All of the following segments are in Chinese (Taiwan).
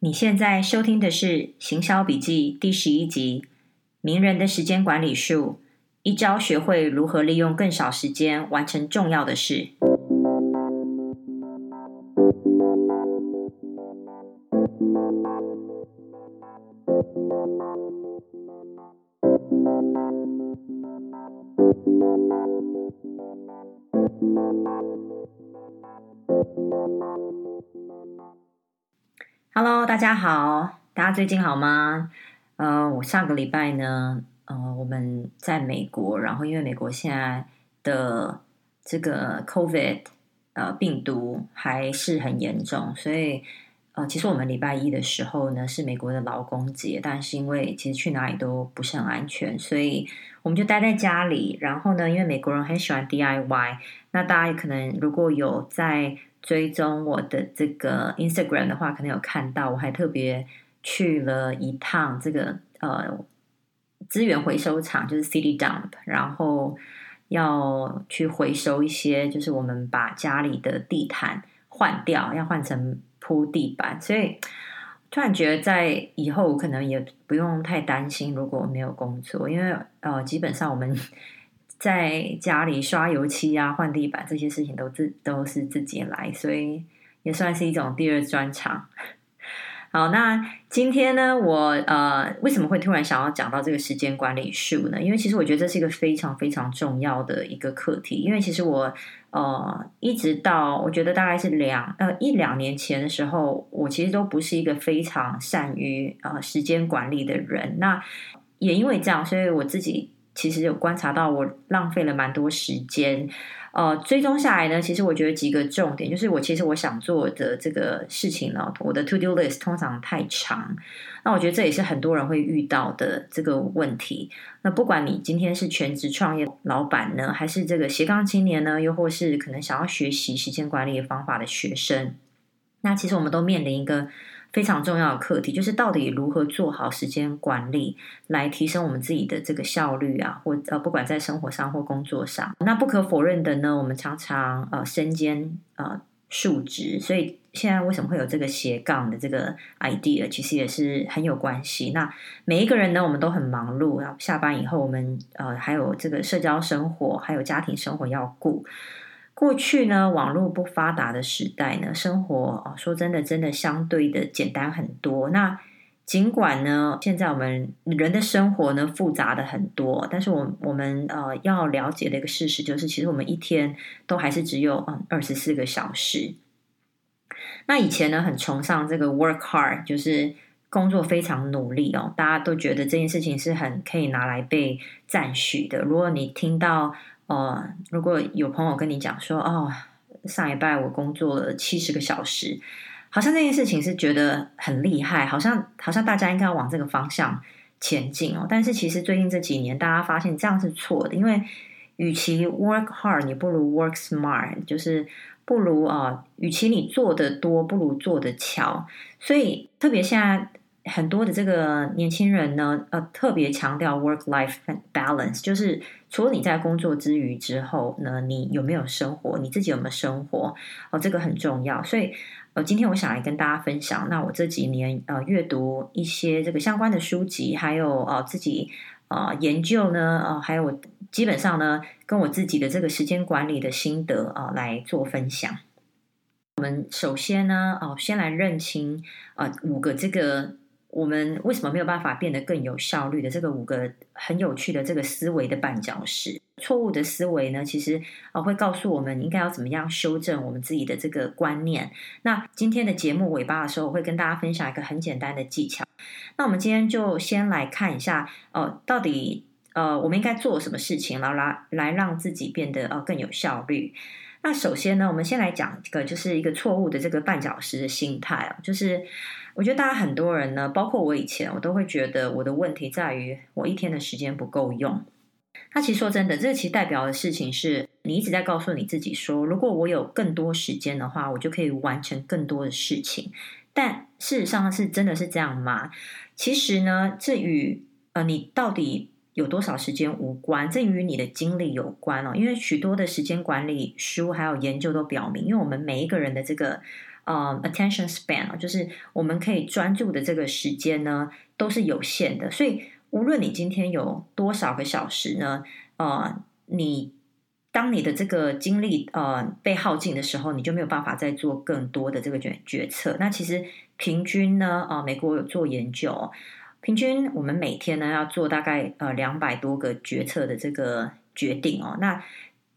你現在收聽的是《行銷筆記》第十一集《名人的時間管理術》，一招學會如何利用更少時間完成重要的事。Hello，大家好，大家最近好嗎？呃，我上個禮拜呢，呃，我們在美國，然後因為美國現在的這個 COVID，呃，病毒還是很嚴重，所以呃，其實我們禮拜一的時候呢是美國的勞工節，但是因為其實去哪裡都不是很安全，所以我們就待在家裡。然後呢，因為美國人很喜歡 DIY，那大家也可能如果有在追蹤我的這個 Instagram 的話，可能有看到，我還特別去了一趟這個呃資源回收廠，就是 City Dump，然後要去回收一些，就是我們把家裡的地毯換掉，要換成鋪地板，所以突然覺得在以後我可能也不用太擔心，如果我沒有工作，因為呃基本上我們。在家裡刷油漆啊、換地板這些事情都自都是自己來，所以也算是一種第二專長。好，那今天呢，我呃為什麼會突然想要講到這個時間管理術呢？因為其實我覺得這是一個非常非常重要的一個課題。因為其實我呃一直到我覺得大概是兩呃一兩年前的時候，我其實都不是一個非常善於呃時間管理的人。那也因為這樣，所以我自己。其實有觀察到，我浪費了蠻多時間。呃，追蹤下來呢，其實我覺得幾個重點就是，我其實我想做的這個事情呢，我的 to do list 通常太長。那我覺得這也是很多人會遇到的這個問題。那不管你今天是全職創業老板呢，還是這個斜槓青年呢，又或是可能想要學習時間管理的方法的學生，那其實我們都面臨一個。非常重要的課題，就是到底如何做好時間管理，來提升我們自己的這個效率啊，或呃，不管在生活上或工作上。那不可否認的呢，我們常常呃身兼呃數職，所以現在為什麼會有這個斜槓的這個 idea，其實也是很有關係。那每一個人呢，我們都很忙碌，下班以後，我們呃還有這個社交生活，還有家庭生活要顧。過去呢，網絡不發達的時代呢，生活哦，說真的，真的相對的簡單很多。那儘管呢，現在我們人的生活呢複雜的很多，但是我們我們呃要了解的一個事實就是，其實我們一天都還是只有嗯二十四個小時。那以前呢，很崇尚這個 work hard，就是工作非常努力哦，大家都覺得這件事情是很可以拿來被讚許的。如果你聽到。哦、呃，如果有朋友跟你講說，哦，上禮拜我工作了七十個小時，好像那件事情是覺得很厲害，好像好像大家應該要往這個方向前進哦。但是其實最近這幾年，大家發現這樣是錯的，因為與其 work hard，你不如 work smart，就是不如啊、呃，與其你做得多，不如做得巧。所以特別現在，很多的這個年輕人呢，呃，特別強調 work life balance，就是除了你在工作之餘之後呢，你有沒有生活？你自己有沒有生活？哦，這個很重要。所以，呃，今天我想來跟大家分享。那我這幾年呃，閱讀一些這個相關的書籍，還有呃自己呃研究呢，呃，還有我基本上呢，跟我自己的這個時間管理的心得啊、呃，來做分享。我們首先呢，哦、呃，先來認清啊、呃，五個這個。我們為什麼沒有辦法變得更有效率的？這個五個很有趣的這個思維的絆腳石，錯誤的思維呢？其實啊、呃，會告訴我們應該要怎麼樣修正我們自己的這個觀念。那今天的節目尾巴的時候，我會跟大家分享一個很簡單的技巧。那我們今天就先來看一下，哦、呃，到底呃，我們應該做什麼事情，然後來來讓自己變得呃更有效率。那首先呢，我們先來講一個，就是一個錯誤的這個絆腳石的心態啊，就是我覺得大家很多人呢，包括我以前，我都會覺得我的問題在於我一天的時間不夠用。那其實說真的，這個其實代表的事情是，你一直在告訴你自己說，如果我有更多時間的話，我就可以完成更多的事情。但事實上是真的是這樣嗎？其實呢，這與呃，你到底。有多少時間無關，這與你的精力有關哦。因為許多的時間管理書還有研究都表明，因為我們每一個人的這個、呃、attention span，就是我們可以專注的這個時間呢，都是有限的。所以無論你今天有多少個小時呢，呃，你當你的這個精力呃被耗盡的時候，你就沒有辦法再做更多的這個決決策。那其實平均呢，呃，美國有做研究。平均我們每天呢要做大概呃兩百多個決策的這個決定哦。那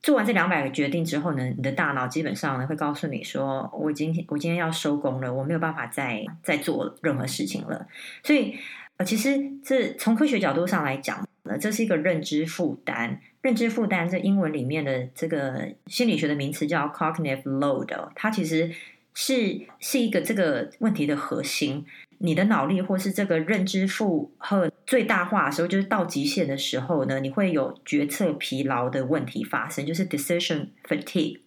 做完這兩百個決定之後呢，你的大腦基本上呢會告訴你說：“我今天我今天要收工了，我沒有辦法再再做任何事情了。”所以呃，其實這從科學角度上來講，呢，呃，這是一個認知負擔。認知負擔這英文裡面的這個心理學的名詞叫 cognitive load，哦，它其實是是一個這個問題的核心。你的腦力或是這個認知負荷最大化的時候，就是到極限的時候呢，你會有決策疲勞的問題發生，就是 decision fatigue。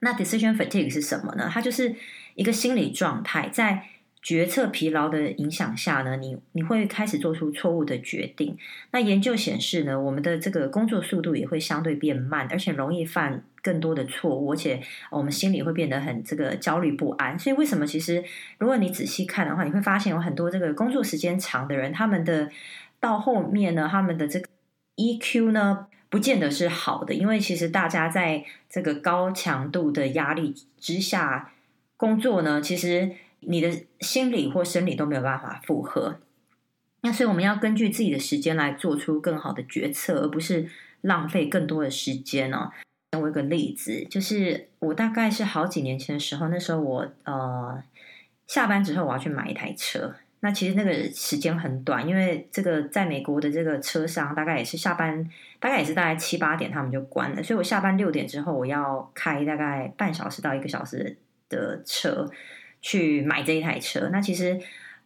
那 decision fatigue 是什麼呢？它就是一個心理狀態，在決策疲勞的影響下呢，你你會開始做出錯誤的決定。那研究顯示呢，我們的這個工作速度也會相對變慢，而且容易犯更多的錯誤，而且我們心裡會變得很這個焦慮不安。所以，為什麼其實如果你仔細看的話，你會發現有很多這個工作時間長的人，他們的到後面呢，他們的這個 EQ 呢，不見得是好的，因為其實大家在這個高強度的壓力之下工作呢，其實。你的心理或生理都沒有辦法負荷，那所以我們要根據自己的時間來做出更好的決策，而不是浪費更多的時間哦。我有一個例子，就是我大概是好幾年前的時候，那時候我呃下班之後我要去買一台車，那其實那個時間很短，因為這個在美國的這個車商大概也是下班，大概也是大概七八點他們就關了，所以我下班六點之後我要開大概半小時到一個小時的車。去買這一台車。那其實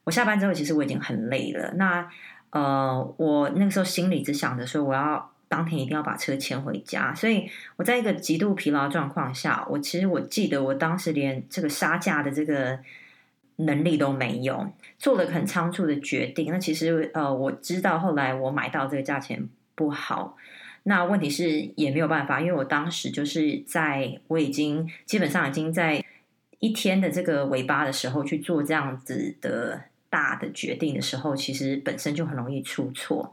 我下班之後，其實我已經很累了。那呃，我那個時候心裡只想着說，我要當天一定要把車牽回家。所以我在一個極度疲勞狀況下，我其實我記得我當時連這個殺價的這個能力都沒有，做了很倉促的決定。那其實呃，我知道後來我買到這個價錢不好，那問題是也沒有辦法，因為我當時就是在我已經基本上已經在。一天的這個尾巴的時候去做這樣子的大的決定的時候，其實本身就很容易出錯。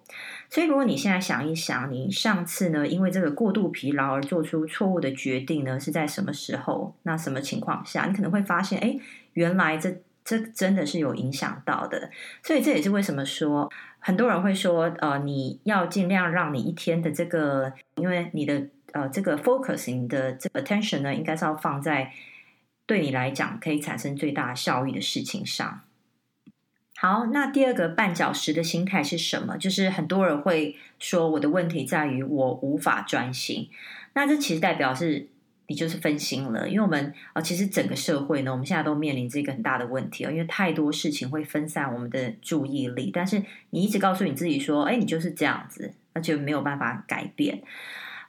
所以，如果你現在想一想，你上次呢因為這個過度疲勞而做出錯誤的決定呢是在什麼時候？那什麼情況下？你可能會發現，哎，原來這這真的是有影響到的。所以，這也是為什麼說很多人會說，呃，你要尽量讓你一天的這個，因為你的呃這個 focus，你的這個 attention 呢，應該是要放在。對你來講，可以產生最大效益的事情上。好，那第二個絆腳石的心態是什麼？就是很多人會說，我的問題在於我無法專心。那這其實代表是，你就是分心了。因為我們啊、呃，其實整個社會呢，我們現在都面臨這個很大的問題哦。因為太多事情會分散我們的注意力。但是你一直告訴你自己說，哎，你就是這樣子，那就沒有辦法改變。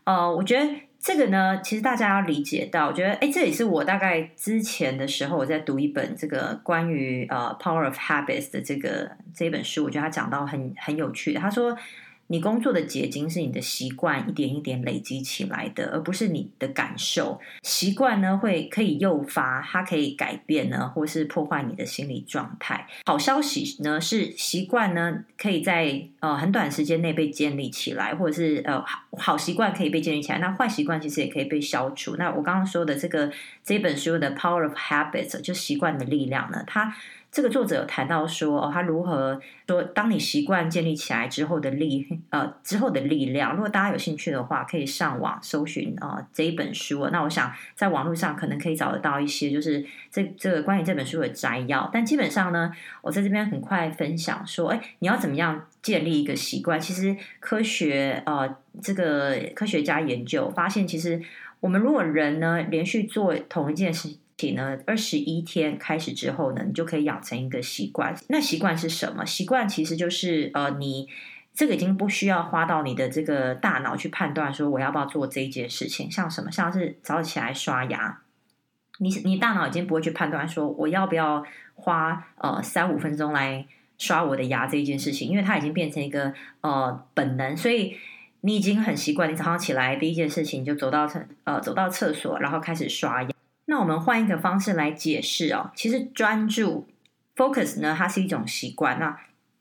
呃，我覺得。這個呢，其實大家要理解到，我覺得，哎，這也是我大概之前的時候，我在讀一本這個關於呃《Power of Habits》的這個這本書，我覺得他講到很很有趣的，他說。你工作的結晶是你的習慣一點一點累積起來的，而不是你的感受。習慣呢，會可以誘發，它可以改變呢，或是破壞你的心理狀態。好消息呢，是習慣呢可以在呃很短時間內被建立起來，或者是呃好習慣可以被建立起來。那壞習慣其實也可以被消除。那我剛剛說的這個這本書的《The Power of Habit》就習慣的力量呢，它。這個作者有談到說，哦、他如何說，當你習慣建立起來之後的力，呃，之後的力量。如果大家有興趣的話，可以上網搜尋啊、呃、這一本書。那我想，在網絡上可能可以找得到一些，就是這這個關於這本書的摘要。但基本上呢，我在這邊很快分享說，哎，你要怎麼樣建立一個習慣？其實科學，呃，這個科學家研究發現，其實我們如果人呢連續做同一件事。起呢？二十一天開始之後呢，你就可以養成一個習慣。那習慣是什麼？習慣其實就是呃，你這個已經不需要花到你的這個大腦去判斷說我要不要做這一件事情。像什麼？像是早起來刷牙，你你大腦已經不會去判斷說我要不要花呃三五分鐘來刷我的牙這一件事情，因為它已經變成一個呃本能，所以你已經很習慣。你早上起來第一件事情就走到廁呃走到廁所，然後開始刷牙。那我們換一個方式來解釋哦，其實專注 focus 呢，它是一種習慣，那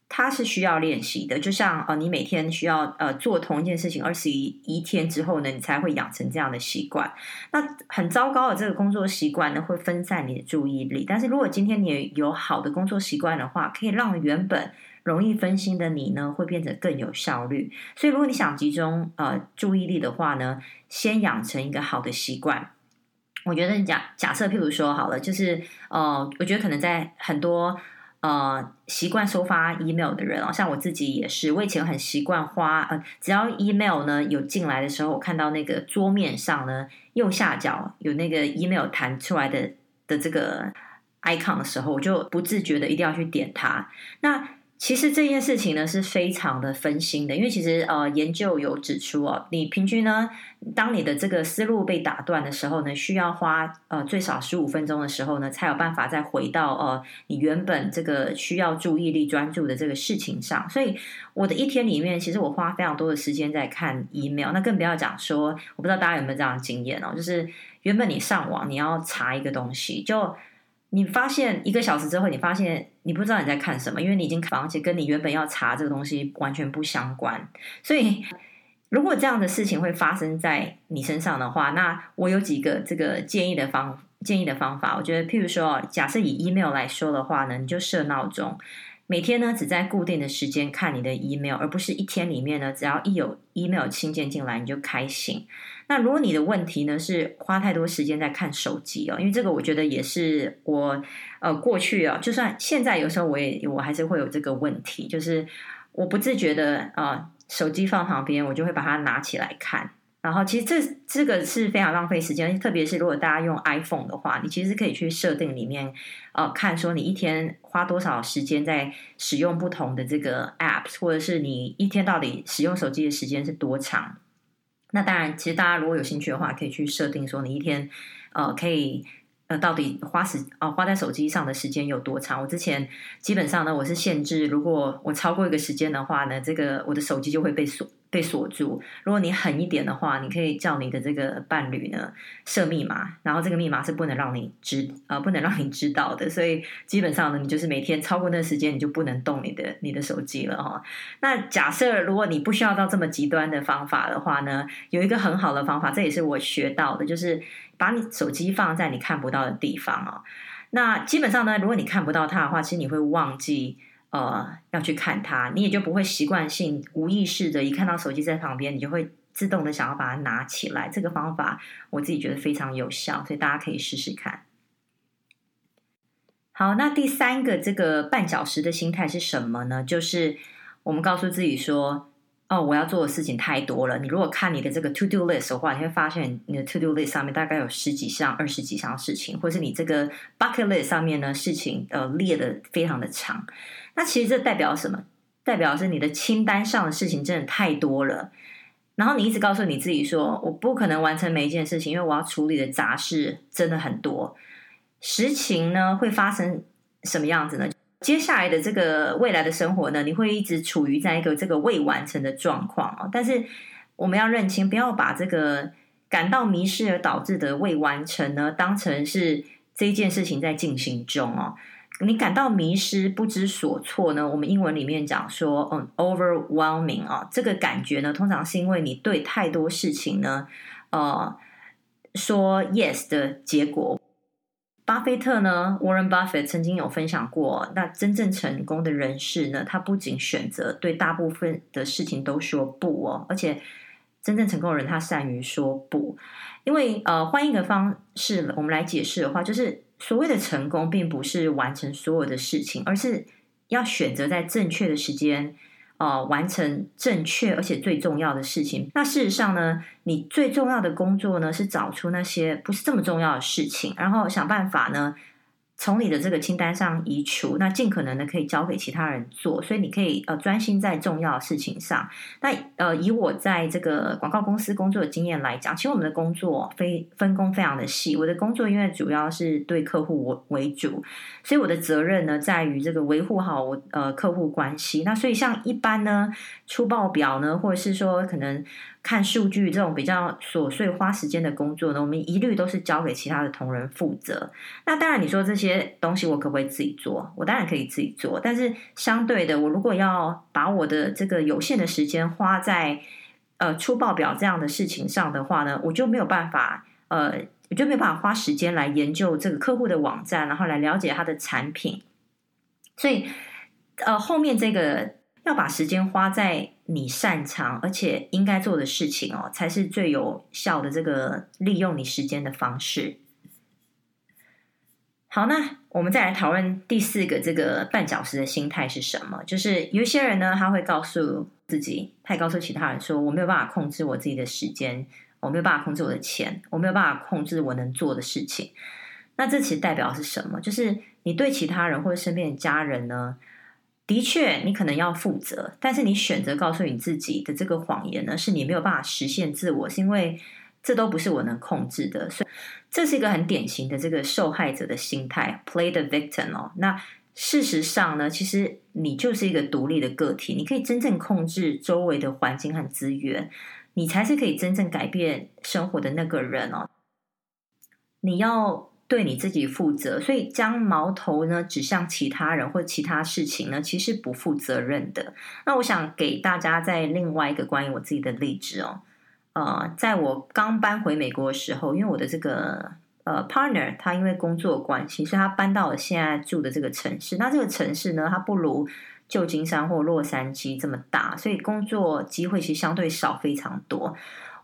它是需要練習的。就像、呃、你每天需要呃做同一件事情二十一一天之後呢，你才會養成這樣的習慣。那很糟糕的這個工作習慣呢，會分散你的注意力。但是如果今天你有好的工作習慣的話，可以讓原本容易分心的你呢，會變得更有效率。所以如果你想集中呃注意力的話呢，先養成一個好的習慣。我覺得假假設，譬如說好了，就是呃，我覺得可能在很多呃習慣收發 email 的人哦，像我自己也是，我以前很習慣花呃，只要 email 呢有進來的時候，我看到那個桌面上呢右下角有那個 email 彈出來的的這個 icon 的時候，我就不自覺的一定要去點它。那其實這件事情呢是非常的分心的，因為其實呃研究有指出哦，你平均呢，當你的這個思路被打斷的時候呢，需要花呃最少十五分鐘的時候呢，才有辦法再回到呃你原本這個需要注意力專注的這個事情上。所以我的一天裡面，其實我花非常多的時間在看 email，那更不要講說，我不知道大家有沒有這樣的經驗哦，就是原本你上網你要查一個東西就。你發現一個小時之後，你發現你不知道你在看什麼，因為你已經看，而且跟你原本要查這個東西完全不相關。所以，如果這樣的事情會發生在你身上的話，那我有幾個這個建議的方建議的方法。我覺得，譬如說，假設以 email 來說的話呢，你就設鬧鐘。每天呢，只在固定的時間看你的 email，而不是一天裡面呢，只要一有 email 信件進來你就開心。那如果你的問題呢是花太多時間在看手機哦，因為這個我覺得也是我呃過去啊，就算現在有時候我也我還是會有這個問題，就是我不自覺的啊、呃，手機放旁邊我就會把它拿起來看。然後其實這這個是非常浪費時間，特別是如果大家用 iPhone 的話，你其實可以去設定裡面，呃，看說你一天花多少時間在使用不同的這個 Apps 或者是你一天到底使用手機的時間是多長。那當然，其實大家如果有興趣的話，可以去設定說你一天呃可以呃到底花時啊、呃、花在手機上的時間有多長。我之前基本上呢，我是限制，如果我超過一個時間的話呢，這個我的手機就會被鎖。被鎖住。如果你狠一點的話，你可以叫你的這個伴侶呢，設密碼，然後這個密碼是不能讓你知啊、呃，不能讓你知道的。所以基本上呢，你就是每天超過那時間，你就不能動你的你的手機了哈、哦。那假設如果你不需要到這麼極端的方法的話呢，有一個很好的方法，這也是我學到的，就是把你手機放在你看不到的地方啊、哦。那基本上呢，如果你看不到它的話，其實你會忘記。呃，要去看它，你也就不會習慣性無意識的，一看到手機在旁邊，你就會自動的想要把它拿起來。這個方法我自己覺得非常有效，所以大家可以試試看。好，那第三個這個絆腳石的心態是什麼呢？就是我們告訴自己說，哦，我要做的事情太多了。你如果看你的這個 to do list 的話，你會發現你的 to do list 上面大概有十幾項、二十幾項事情，或是你這個 bucket list 上面呢事情呃列得非常的長。那其實這代表什麼？代表是你的清單上的事情真的太多了，然後你一直告訴你自己說，我不可能完成每一件事情，因為我要處理的雜事真的很多。實情呢會發生什麼樣子呢？接下來的這個未來的生活呢，你會一直處於在一個這個未完成的狀況哦，但是我們要認清，不要把這個感到迷失而導致的未完成呢，當成是這件事情在進行中哦。你感到迷失、不知所措呢？我們英文裡面講說，嗯、um，overwhelming 啊，哦，這個感覺呢，通常是因為你對太多事情呢，呃，說 yes 的結果。巴菲特呢，Warren Buffett 曾經有分享過，那真正成功的人士呢，他不僅選擇對大部分的事情都說不哦，而且真正成功的人他善於說不，因為呃，換一個方式我們來解釋的話，就是，所謂的成功，並不是完成所有的事情，而是要選擇在正確的時間，哦、呃，完成正確而且最重要的事情。那事實上呢，你最重要的工作呢，是找出那些不是這麼重要的事情，然後想辦法呢。從你的這個清單上移除，那盡可能的可以交給其他人做，所以你可以呃專心在重要的事情上。那呃以我在這個廣告公司工作的經驗來講，其實我們的工作非分工非常的細。我的工作因為主要是對客戶為為主，所以我的責任呢在於這個維護好我呃客戶關係。那所以像一般呢出報表呢，或者是說可能。看數據這種比較瑣碎、花時間的工作呢，我們一律都是交給其他的同仁負責。那當然，你說這些東西我可不可以自己做？我當然可以自己做，但是相對的，我如果要把我的這個有限的時間花在呃出報表這樣的事情上的話呢，我就沒有辦法呃，我就沒有辦法花時間來研究這個客戶的網站，然後來了解他的產品。所以，呃，後面這個。要把時間花在你擅長而且應該做的事情哦，才是最有效的這個利用你時間的方式。好，那我們再來討論第四個這個絆腳石的心態是什麼？就是有些人呢，他會告訴自己，他也告訴其他人說，我沒有辦法控制我自己的時間，我沒有辦法控制我的錢，我沒有辦法控制我能做的事情。那這其實代表是什麼？就是你對其他人或者身邊的家人呢，的確，你可能要負責，但是你選擇告訴你自己的這個謊言呢，是你沒有辦法實現自我，是因為這都不是我能控制的，所以這是一個很典型的這個受害者的心態，play the victim 哦。那事實上呢，其實你就是一個獨立的個體，你可以真正控制周圍的環境和資源，你才是可以真正改變生活的那個人哦。你要對你自己負責，所以將矛頭呢指向其他人或其他事情呢，其實不負責任的。那我想給大家在另外一個關於我自己的例子哦，呃，在我剛搬回美國的時候，因為我的這個呃 partner 他因為工作關係，所以他搬到了現在住的這個城市。那這個城市呢，它不如舊金山或洛杉磯這麼大，所以工作機會其實相對少非常多。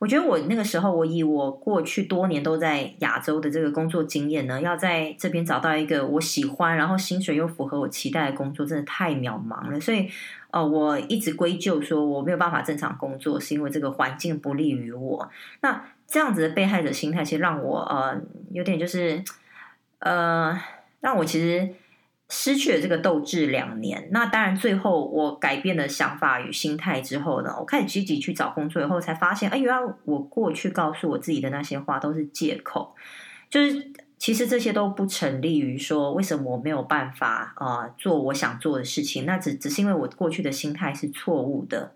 我覺得我那個時候，我以我過去多年都在亞洲的這個工作經驗呢，要在這邊找到一個我喜歡，然後薪水又符合我期待的工作，真的太渺茫了。所以，呃，我一直歸咎說我沒有辦法正常工作，是因為這個環境不利於我。那這樣子的被害者心態，其實讓我呃有點就是呃讓我其實。失去了這個鬥志兩年。那當然最後我改變了想法與心態之後呢，我開始積極去找工作以後，才發現，哎，原來我過去告訴我自己的那些話都是借口，就是其實這些都不成立於說為什麼我沒有辦法啊，呃，做我想做的事情，那只只是因為我過去的心態是錯誤的。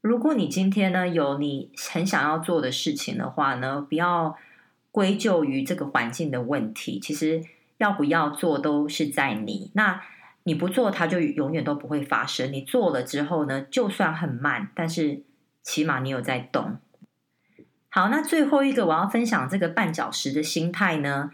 如果你今天呢有你很想要做的事情的話呢，不要歸咎於這個環境的問題，其實，要不要做都是在你。那你不做，它就永遠都不會發生。你做了之後呢，就算很慢，但是起碼你有在動。好，那最後一個我要分享這個絆腳石的心態呢，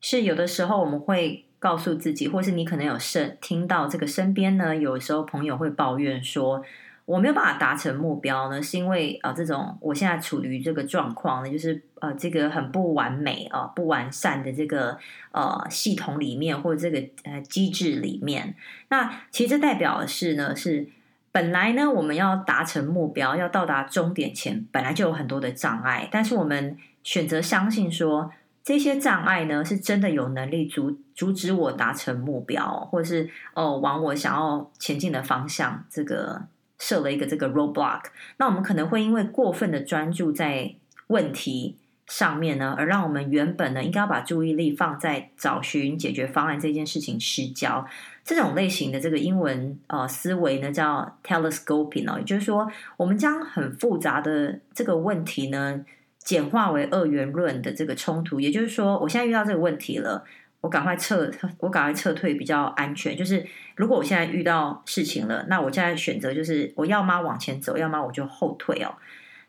是有的時候我們會告訴自己，或是你可能有事聽到這個身邊呢，有時候朋友會抱怨說。我沒有辦法達成目標呢，是因為啊、呃，這種我現在處於這個狀況呢，就是呃，這個很不完美哦、呃，不完善的這個呃系統裡面，或者這個呃機制裡面。那其實代表的是呢，是本來呢，我們要達成目標，要到達終點前，本來就有很多的障礙，但是我們選擇相信說，這些障礙呢，是真的有能力阻阻止我達成目標，或者是哦，往我想要前進的方向這個。設了一個這個 roadblock，那我們可能會因為過分的專注在問題上面呢，而讓我們原本呢應該要把注意力放在找尋解決方案這件事情失焦。這種類型的這個英文呃思維呢叫 telescoping，也就是說我們將很複雜的這個問題呢簡化為二元論的這個衝突，也就是說我現在遇到這個問題了。我趕快撤，我趕快撤退比較安全。就是如果我現在遇到事情了，那我現在選擇就是我要麼往前走，要麼我就後退哦。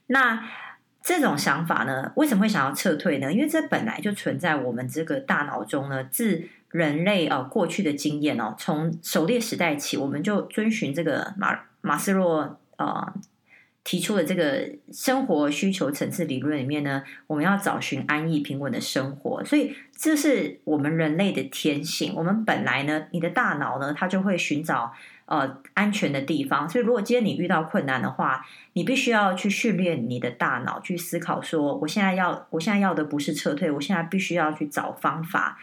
那這種想法呢，為什麼會想要撤退呢？因為這本來就存在我們這個大腦中呢，自人類啊、呃、過去的經驗哦，從狩獵時代起，我們就遵循這個馬馬斯洛啊。呃提出的這個生活需求層次理論裡面呢，我們要找尋安逸平穩的生活，所以這是我們人類的天性。我們本來呢，你的大腦呢，它就會尋找呃安全的地方。所以，如果今天你遇到困難的話，你必須要去訓練你的大腦去思考說，我現在要，我現在要的不是撤退，我現在必須要去找方法。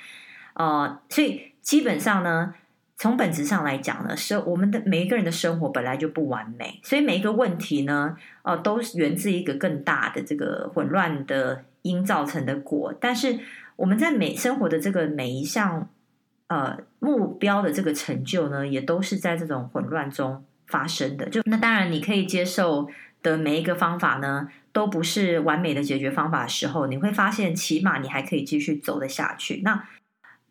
呃，所以基本上呢。從本質上來講呢，是我們的每一個人的生活本來就不完美，所以每一個問題呢，哦、呃，都源自一個更大的這個混亂的因造成的果。但是我們在每生活的這個每一項呃目標的這個成就呢，也都是在這種混亂中發生的。就那當然，你可以接受的每一個方法呢，都不是完美的解決方法的時候，你會發現起碼你還可以繼續走得下去。那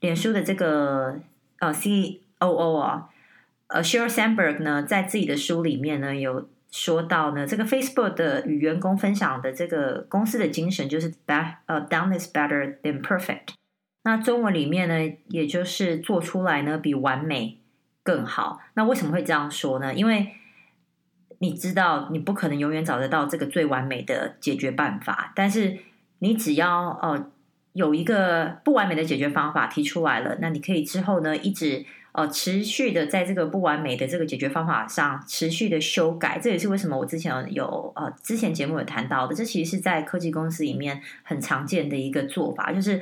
臉書的這個呃 C。哦哦啊，呃，Sheryl Sandberg 呢，在自己的書裡面呢，有說到呢，這個 Facebook 的與員工分享的這個公司的精神就是 “better” 呃、uh,，“done is better than perfect”。那中文裡面呢，也就是做出來呢比完美更好。那為什麼會這樣說呢？因為你知道，你不可能永遠找得到這個最完美的解決辦法，但是你只要呃、uh, 有一個不完美的解決方法提出來了，那你可以之後呢一直。呃，持續的在這個不完美的這個解決方法上持續的修改，這也是為什麼我之前有呃，之前節目有談到的，這其實是在科技公司裡面很常見的一個做法，就是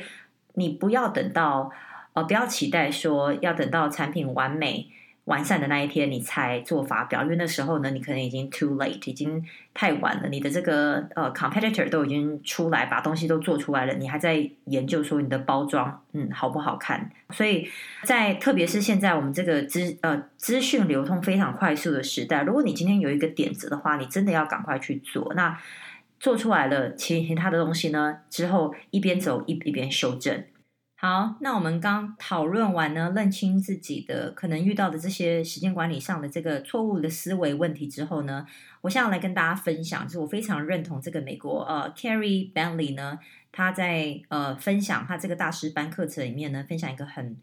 你不要等到，呃，不要期待說要等到產品完美。完善的那一天，你才做發表，因為那時候呢，你可能已經 too late，已經太晚了。你的這個呃 competitor 都已經出來，把東西都做出來了，你還在研究說你的包裝嗯好不好看？所以在特別是現在我們這個資呃資訊流通非常快速的時代，如果你今天有一個點子的話，你真的要趕快去做。那做出來了，其其他的東西呢？之後一邊走一邊修正。好，那我們剛討論完呢，認清自己的可能遇到的這些時間管理上的這個錯誤的思維問題之後呢，我想要來跟大家分享，就是我非常認同這個美國呃，Carrie Bentley 呢，他在呃分享他這個大師班課程裡面呢，分享一個很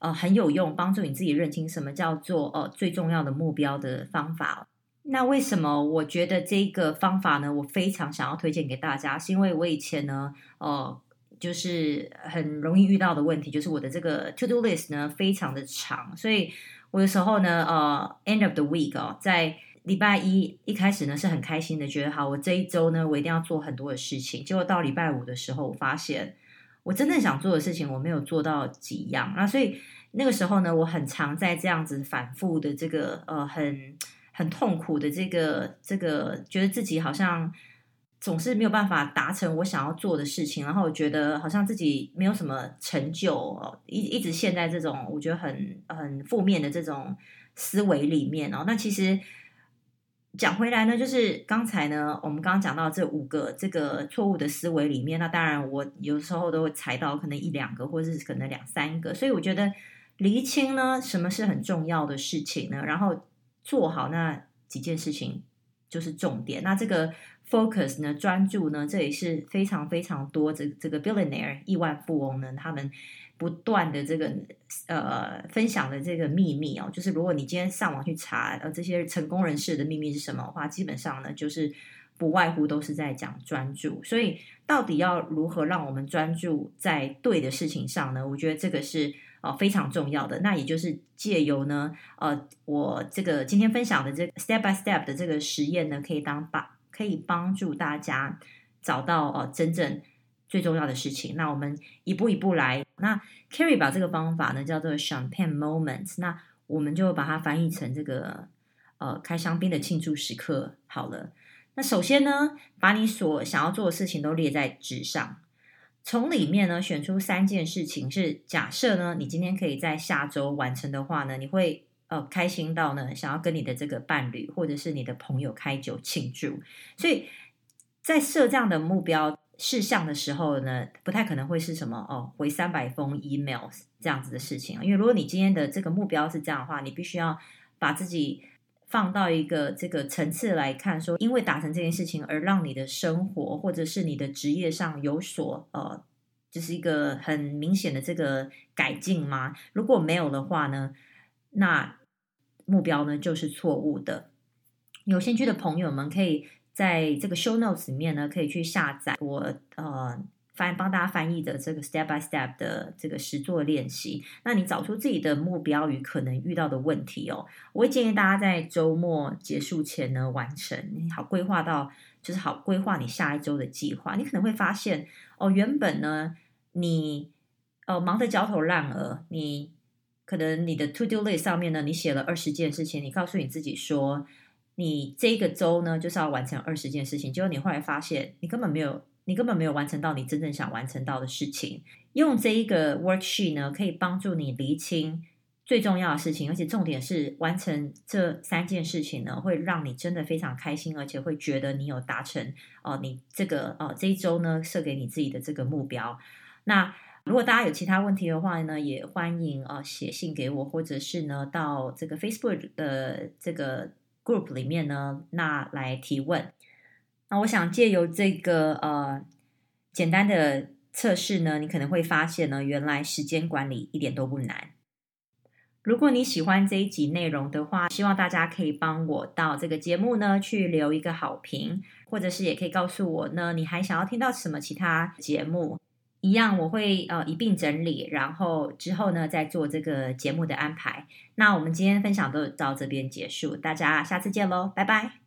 呃很有用，幫助你自己認清什麼叫做呃最重要的目標的方法。那為什麼我覺得這個方法呢，我非常想要推薦給大家，是因為我以前呢，呃。就是很容易遇到的問題，就是我的這個 to do list 呢非常的長，所以我的時候呢，呃、uh,，end of the week 哦、uh,，在禮拜一一開始呢是很開心的，覺得好，我這一周呢我一定要做很多的事情，結果到禮拜五的時候，我發現我真的想做的事情，我沒有做到幾樣，那所以那個時候呢，我很常在這樣子反覆的這個呃、uh, 很很痛苦的這個這個，覺得自己好像。總是沒有辦法達成我想要做的事情，然後我覺得好像自己沒有什麼成就，一一直陷在這種我覺得很很負面的這種思維裡面哦。那其實講回來呢，就是剛才呢，我們剛剛講到這五個這個錯誤的思維裡面，那當然我有時候都會踩到可能一兩個，或者是可能兩三個。所以我覺得釐清呢，什麼是很重要的事情呢，然後做好那幾件事情。就是重點。那這個 focus 呢，專注呢，這也是非常非常多這這個 billionaire 億萬富翁呢，他們不斷的這個呃分享的這個秘密哦，就是如果你今天上網去查呃這些成功人士的秘密是什麼的話，基本上呢，就是不外乎都是在講專注。所以到底要如何讓我們專注在對的事情上呢？我覺得這個是。哦，非常重要的，那也就是借由呢，呃，我這個今天分享的這個 step by step 的這個實驗呢，可以當把，可以幫助大家找到哦、呃、真正最重要的事情。那我們一步一步來。那 Carrie 把這個方法呢叫做 Champagne Moments，那我們就把它翻譯成這個呃開香檳的慶祝時刻好了。那首先呢，把你所想要做的事情都列在紙上。從裡面呢選出三件事情，是假設呢你今天可以在下周完成的話呢，你會呃開心到呢想要跟你的這個伴侶或者是你的朋友開酒慶祝。所以在設這樣的目標事項的時候呢，不太可能會是什麼哦回三百封 email 這樣子的事情，因為如果你今天的這個目標是這樣的話，你必須要把自己。放到一個這個層次來看，說因為達成這件事情而讓你的生活或者是你的職業上有所呃，就是一個很明顯的這個改進嗎？如果沒有的話呢，那目標呢就是錯誤的。有興趣的朋友們可以在這個 show notes 裡面呢，可以去下載我呃。翻幫大家翻譯的這個 step by step 的這個實作練習。那你找出自己的目標與可能遇到的問題哦。我會建議大家在周末結束前呢完成，你好規劃到就是好規劃你下一周的計劃。你可能會發現哦，原本呢你哦忙得焦頭爛額，你可能你的 to do list 上面呢你寫了二十件事情，你告訴你自己說你這一個周呢就是要完成二十件事情，結果你後來發現你根本沒有。你根本沒有完成到你真正想完成到的事情。用這一個 worksheet 呢，可以幫助你釐清最重要的事情，而且重點是完成這三件事情呢，會讓你真的非常開心，而且會覺得你有達成哦、呃，你這個哦、呃、這一周呢設給你自己的這個目標。那如果大家有其他問題的話呢，也歡迎呃寫信給我，或者是呢到這個 Facebook 的這個 group 裡面呢那來提問。那我想借由這個呃簡單的測試呢，你可能會發現呢，原來時間管理一點都不難。如果你喜歡這一集內容的話，希望大家可以幫我到這個節目呢去留一個好評，或者是也可以告訴我呢，你還想要聽到什麼其他節目？一樣我會呃一併整理，然後之後呢再做這個節目的安排。那我們今天分享都到這邊結束，大家下次見嘍，拜拜。